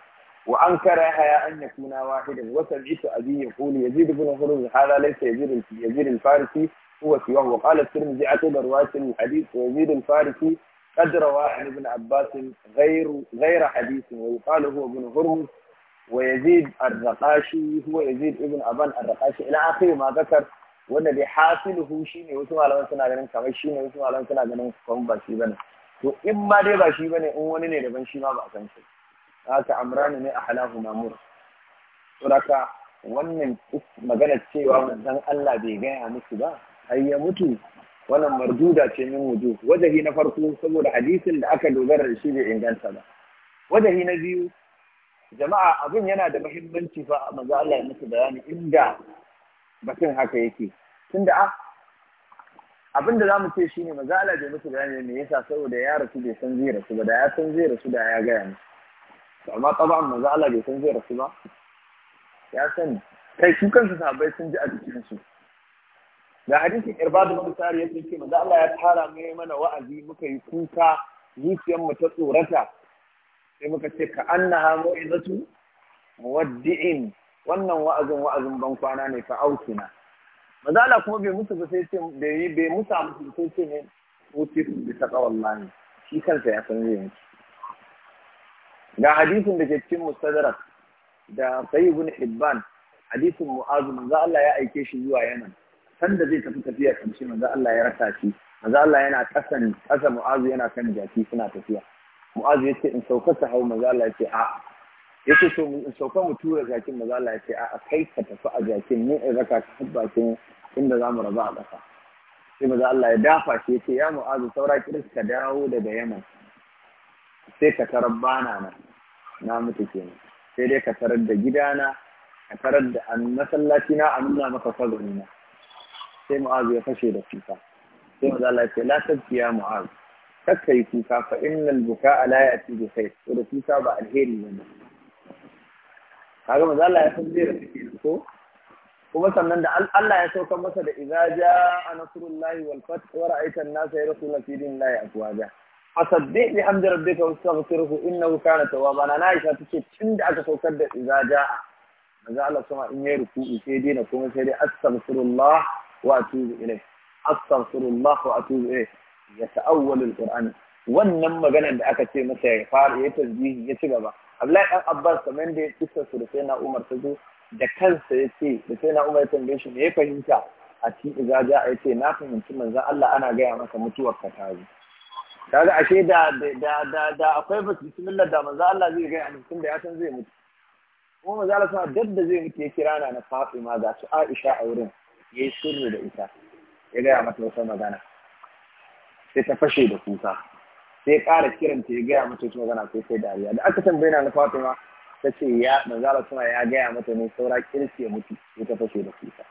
وانكر يحيى ان يكون واحدا وسمعت ابي يقول يزيد بن فرمس هذا ليس يزيد يزيد الفارسي هو سواه وقال الترمذي عتب رواية الحديث ويزيد الفارسي قد روى عن ابن عباس غير غير حديث ويقال هو ابن هرمز ويزيد الرقاشي هو يزيد ابن أبان الرقاشي إلى آخر ما ذكر wanda dai hasiluhu shine wasu malaman suna ganin kamar shine wasu malaman suna ganin kuma ba shi bane to in ma ba shi bane in wani ne daban shi ma ba a san shi haka amrani ne a halahu mamur wannan maganar cewa manzon Allah bai gaya musu ba har ya mutu wannan marduda ce min wuju wajahi na farko saboda hadisin da aka dogara da shi bai inganta ba wajahi na biyu jama'a abin yana da muhimmanci fa maza Allah ya musu bayani inda batun haka yake tunda a ah, abin da zamu ce shine maza Allah ya musu bayani me yasa saboda ya rasu bai san zai rasu ba da ya san zai rasu da ya gaya to amma taban maza Allah bai san zai rasu ba ya sani kai su kansu sabai sun ji a cikin su da hadisin irbadu bin ya yake ce manzo Allah ya tara mu mana wa'azi muka yi kuka zuciyar mu ta tsorata sai muka ce ka annaha mu'izatu muwaddi'in wannan wa'azin wa'azin ban kwana ne fa aukina manzo Allah kuma bai musu ba sai ce bai bai musa musu sai ce ne wuce bi taqwallahi shi kansa ya san zai mutu ga hadisin da ke cikin mustadrak da sayyid ibn hadisin mu'azu maza Allah ya aike shi zuwa 'yanan. sanda zai tafi tafiya kamshi manzo Allah ya rasa shi manzo Allah yana kasan kasa mu'azu yana kan jaki suna tafiya mu'azu ya ce in sauka ta hau manzo Allah yace a yace to in sauka mu tura jakin manzo Allah ya a kai ka tafi a jakin ni in raka ka bakin inda zamu raba a ƙasa sai manzo Allah ya dafa shi ya ya mu'azu saura Kirista ka dawo daga Yaman sai ka tarar bana na na mutu kenan sai dai ka tarar da gidana ka tarar da masallaci na a nuna maka ne na sai mu'azu ya fashe da kuka sai maza Allah ce la ya mu'azu kakka yi kuka fa innal buka la ya'ti bi khair to da kuka ba alheri ne. bane kaga maza Allah ya san zai da kike ko kuma sannan da Allah ya sauka masa da idza jaa nasrullahi wal fath wa ra'aita an-nasa yadkhuluna fi dinillahi afwaja fasaddi bi hamdi rabbika wastaghfirhu innahu kana tawwaba na Aisha tace tunda aka saukar da idza jaa maza Allah kuma in yayi ruku'u sai dai na kuma sai dai astaghfirullah واتوب اليه استغفر الله واتوب اليه يتاول ya wannan maganar da aka ce masa ya fara ya tasbihi ya ci gaba Abdullahi dan Abbas kamar da ya tsisa su da sai na Umar ta zo da kansa ya ce da sai na Umar ya tambaye shi me ya fahimta a cikin izaja ya ce na fahimci manzon Allah ana gaya masa mutuwar ka ta zo kaga ashe da da da da akwai bismillah da manzon Allah zai gaya ni tunda da ya san zai mutu kuma manzon Allah sa dadda da zai mutu ya kira na na Fatima ga su Aisha a wurin ya yi sirri da ita ya gaya mata wata magana sai ta fashe da kuka sai ya ƙara kiranta ya gaya mata wata magana sai sai dariya da aka tambaye na fatima ta ce ya manzala suna ya gaya mata ne saura kirki ya mutu sai ta fashe da kuka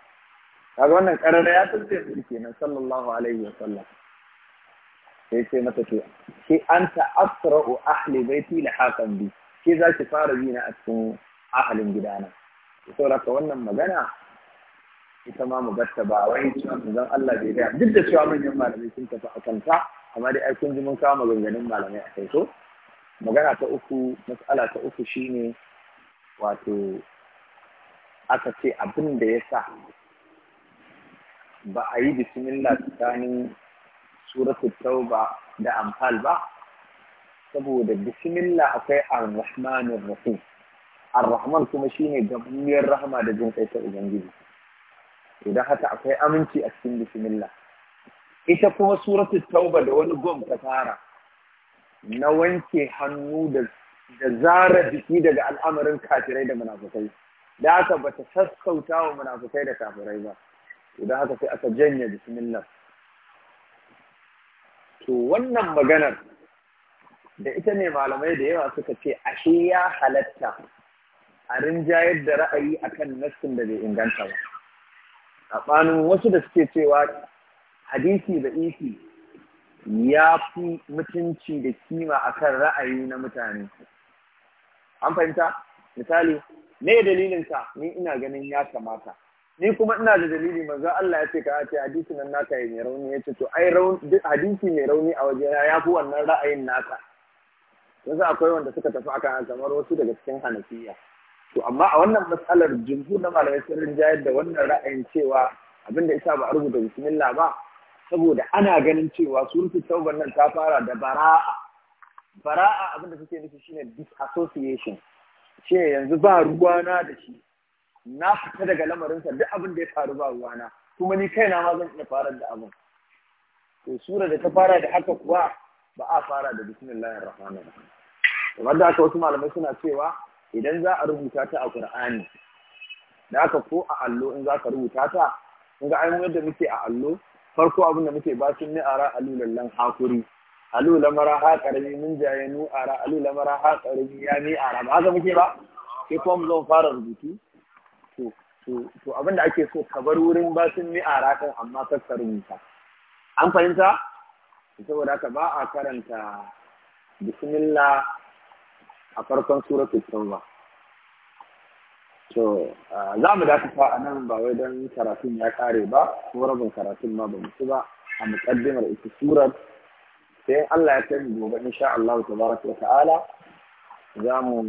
kaga wannan karara ya tsaye da kenan sallallahu alaihi wa sallam sai ce mata ce ki anta asra'u ahli baiti la hakan bi ke za ki fara bi na a cikin ahalin gidana saboda wannan magana ita ma mu gatta ba wai zan Allah bai da duk da cewa manyan malamai sun tafi a kanta amma dai kun ji mun kawo maganganun malamai a kai so magana ta uku matsala ta uku shine wato aka ce abin da ya sa ba a yi bismillah tsakanin suratul tauba da amfal ba saboda bismillah akwai ar-rahmanir rahim ar-rahman kuma shine gabbiyar rahama da jin kai ta ubangiji idan haka akwai aminci a cikin bismillah ita kuma suratul tauba da wani gom ta fara na wanke hannu da da zara jiki daga al'amarin kafirai da munafikai da haka ta sassauta wa munafukai da kafirai ba idan haka sai aka janye bismillah to wannan maganar da ita ne malamai da yawa suka ce ashe ya halatta a rinjayar da ra'ayi akan nassin da bai inganta ba tsakanin wasu da suke cewa hadisi da isi ya fi mutunci da kima akan ra'ayi na mutane an fahimta misali me dalilin ka ni ina ganin ya kamata ni kuma ina da dalili manzo Allah ya ce ka ce hadisi nan naka yi mai rauni ya ce to ai hadisi mai rauni a waje ya fi wannan ra'ayin naka yanzu akwai wanda suka tafi akan kamar wasu daga cikin hanafiya to amma a wannan matsalar jumhu na malamai sun rinjayar da wannan ra'ayin cewa abin da isa ba a rubuta bismillah ba saboda ana ganin cewa surutu ta'uban nan ta fara da bara'a bara'a abin da suke nufi shine disassociation ce yanzu ba ruwana da shi na fita daga lamarinsa duk abin da ya faru ba ruwana kuma ni kaina ma zan iya fara da abin to sura da ta fara da haka kuwa ba a fara da bismillahir rahmanir rahim da aka wasu malamai suna cewa idan za a rubuta ta a Qur'ani da aka ko a allo in za ka rubuta ta in ga ainihin yadda muke a allo farko abin da muke ba sun ni'ara alulallan hakuri alu lamara ha karami mun jaye nu ara alu lamara ha karami ya ne a ba haka muke ba sai kuma mu fara rubutu to to to abin da ake so ka bar wurin ba sun a kan amma kar ka rubuta an fahimta saboda haka ba a karanta bismillah a farkon suratul tauba to za mu dakata a nan ba wai don karatun ya kare ba ko rabin karatun ma ba mutu ba a muƙaddimar ita surar sai Allah ya kai mu gobe insha Allah tabaraka ta'ala za mu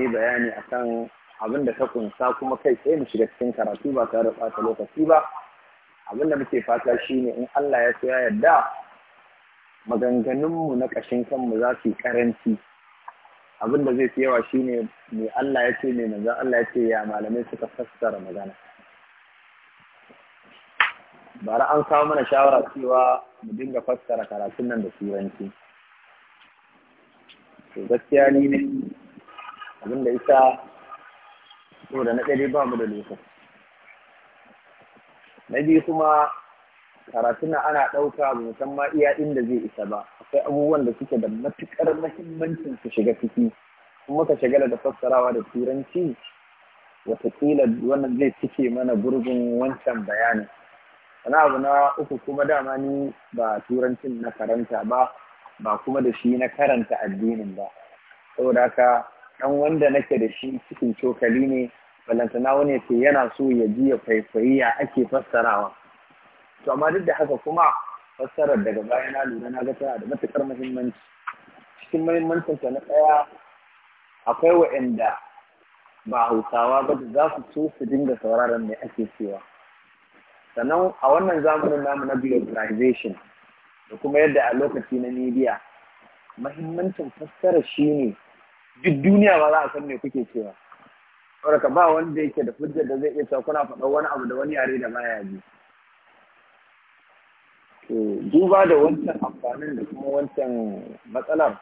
yi bayani akan abin da ta kunsa kuma kai sai mu shiga cikin karatu ba tare da ɓata lokaci ba abin da muke fata shine in Allah ya so ya yarda maganganunmu na ƙashin kanmu za su yi ƙaranci abin da zai fi yawa shine mai Allah ya ce ne manzan Allah ya ce ya malamai suka fassara magana bara an kawo mana shawara cewa mu dinga fassara karatun nan da turanci to gaskiya ni ne abin da ita da na ɗari ba mu da lokaci na biyu kuma Karatuna ana ɗauka musamman iya inda zai isa ba akwai abubuwan da suke da matuƙar mahimmancin su shiga ciki kuma muka shagala da fassarawa da turanci Wataƙila wannan zai cike mana gurbin wancan bayanin wani abu na uku kuma dama ni ba turancin na karanta ba ba kuma da shi na karanta addinin ba saboda haka ɗan wanda nake da shi cikin cokali ne balantana wani ce yana so ya ji ya kwaikwayi ya ake fassarawa to amma duk da haka kuma fassarar daga baya na lura na ga tana da matuƙar muhimmanci cikin muhimmancin ta na ɗaya akwai wa'anda ba hausawa ba da za su so su dinga sauraron mai ake cewa sannan a wannan zamanin namu na globalization da kuma yadda a lokaci na media muhimmancin fassara shine duk duniya ba za a san me kuke cewa ka ba wanda yake da hujjar da zai iya cewa kuna faɗa wani abu da wani yare da baya ji duba da wancan amfanin da kuma wancan matsalar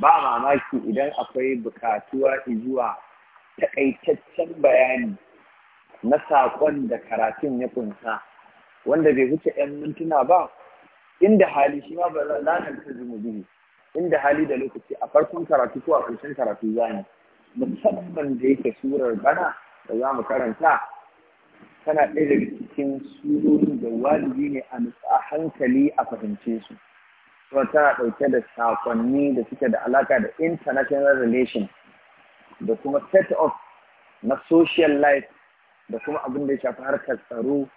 ba mamaki idan akwai bukatuwa zuwa takaitaccen bayani na saƙon da karatun ya kunsa wanda bai wuce 'yan mintuna ba inda hali shi ma ba lanar ta zuma biyu inda hali da lokaci a farkon karatu ko a ƙarshen karatu za ne musamman da yake surar bana da za mu karanta tana ɗaya daga cikin surorin da wajibi ne a nutsa hankali a fahimce su kuma tana ɗauke da sakonni da suke da alaƙa da international relation da kuma set of na social life da kuma abin da ya shafi harkar tsaro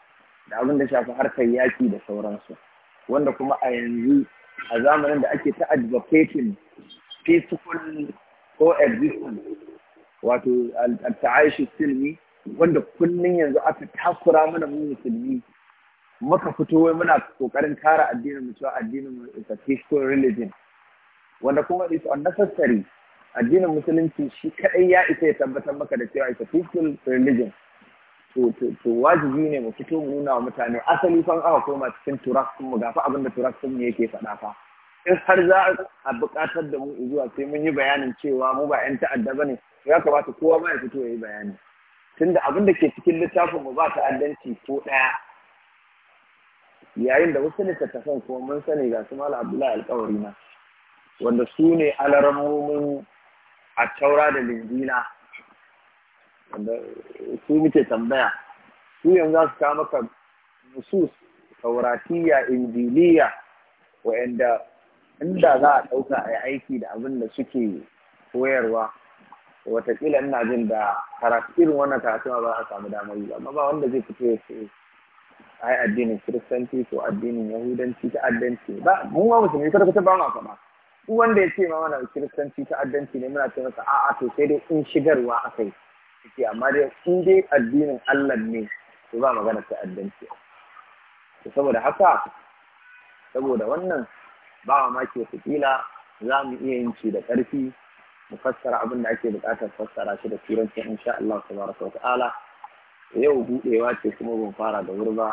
da abin da ya shafi harkar yaƙi da sauransu wanda kuma a yanzu a zamanin da ake ta advocating peaceful coexistence wato al-ta'aishu silmi wanda kullum yanzu aka takura mana mu musulmi muka fito wai muna kokarin kare addinin mu cewa addinin mu is a peaceful religion wanda kuma is unnecessary addinin musulunci shi kadai ya isa ya tabbatar maka da cewa is a peaceful religion to to to wajibi ne mu fito mu nuna wa mutane asali fa aka koma cikin turak sun mu gafa abinda turak sun yake faɗa fa in har za a buƙatar da mu zuwa sai mun yi bayanin cewa mu ba 'yan ta'adda ba ne, ya kamata kowa ma ya fito ya yi bayani tunda abin da ke cikin littafin mu ba ta'addanci ko ɗaya yayin da wasu littattafan kuma mun sani ga su mala abdullahi alkawari na wanda su ne alarammomin a taura da linjina wanda su muke tambaya su yanzu za su kawo maka musu tauratiya injiliya wa'anda inda za a ɗauka a aiki da abin da suke koyarwa watakila ina jin da irin wannan karatu ba a samu damar yi amma ba wanda zai fito ya ce ai addinin kiristanci ko addinin yahudanci ta addanci ba mun ma musulmi kada kuta ba ma kuma duk wanda ya ce ma mana kiristanci ta addanci ne muna ce masa a'a to sai dai in shigarwa akai ce amma dai in dai addinin Allah ne to ba magana ta addanci to saboda haka saboda wannan ba ke wata kila za mu iya yin ci da ƙarfi mu fassara abin da ake bukatar fassara shi da turanci insha Allah tabaraka wa ta'ala yau buɗewa ce kuma ban fara da wuri ba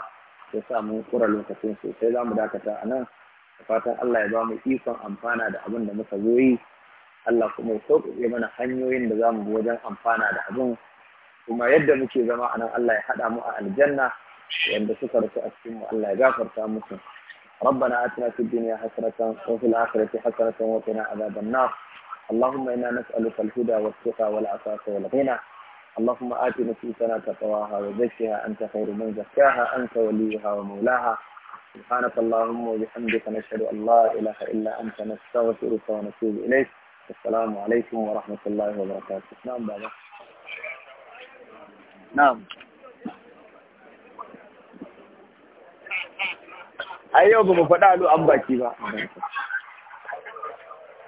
ya sa mun kura lokacin sosai za mu dakata a nan fatan Allah ya ba mu ikon amfana da abin da muka zo yi Allah kuma ya sauƙaƙe mana hanyoyin da za mu bi wajen amfana da abin kuma yadda muke zama a nan Allah ya haɗa mu a aljanna wanda suka rasu a cikin mu Allah ya gafarta musu ربنا آتنا في الدنيا حسنة وفي الآخرة حسنة وقنا عذاب النار اللهم إنا نسألك الهدى والتقى والعفاف والغنى اللهم آت نفوسنا تقواها وزكها أنت خير من زكاها أنت وليها ومولاها سبحانك اللهم وبحمدك نشهد أن لا إله إلا أنت نستغفرك ونتوب إليك السلام عليكم ورحمة الله وبركاته نعم بابا نعم أيوة له أبا كيبا